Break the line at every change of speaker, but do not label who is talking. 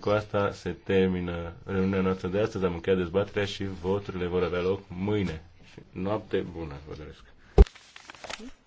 Cu asta se termină reuniunea noastră de astăzi. Am încheiat dezbaterea și voturile vor avea loc mâine. Noapte bună, vă doresc!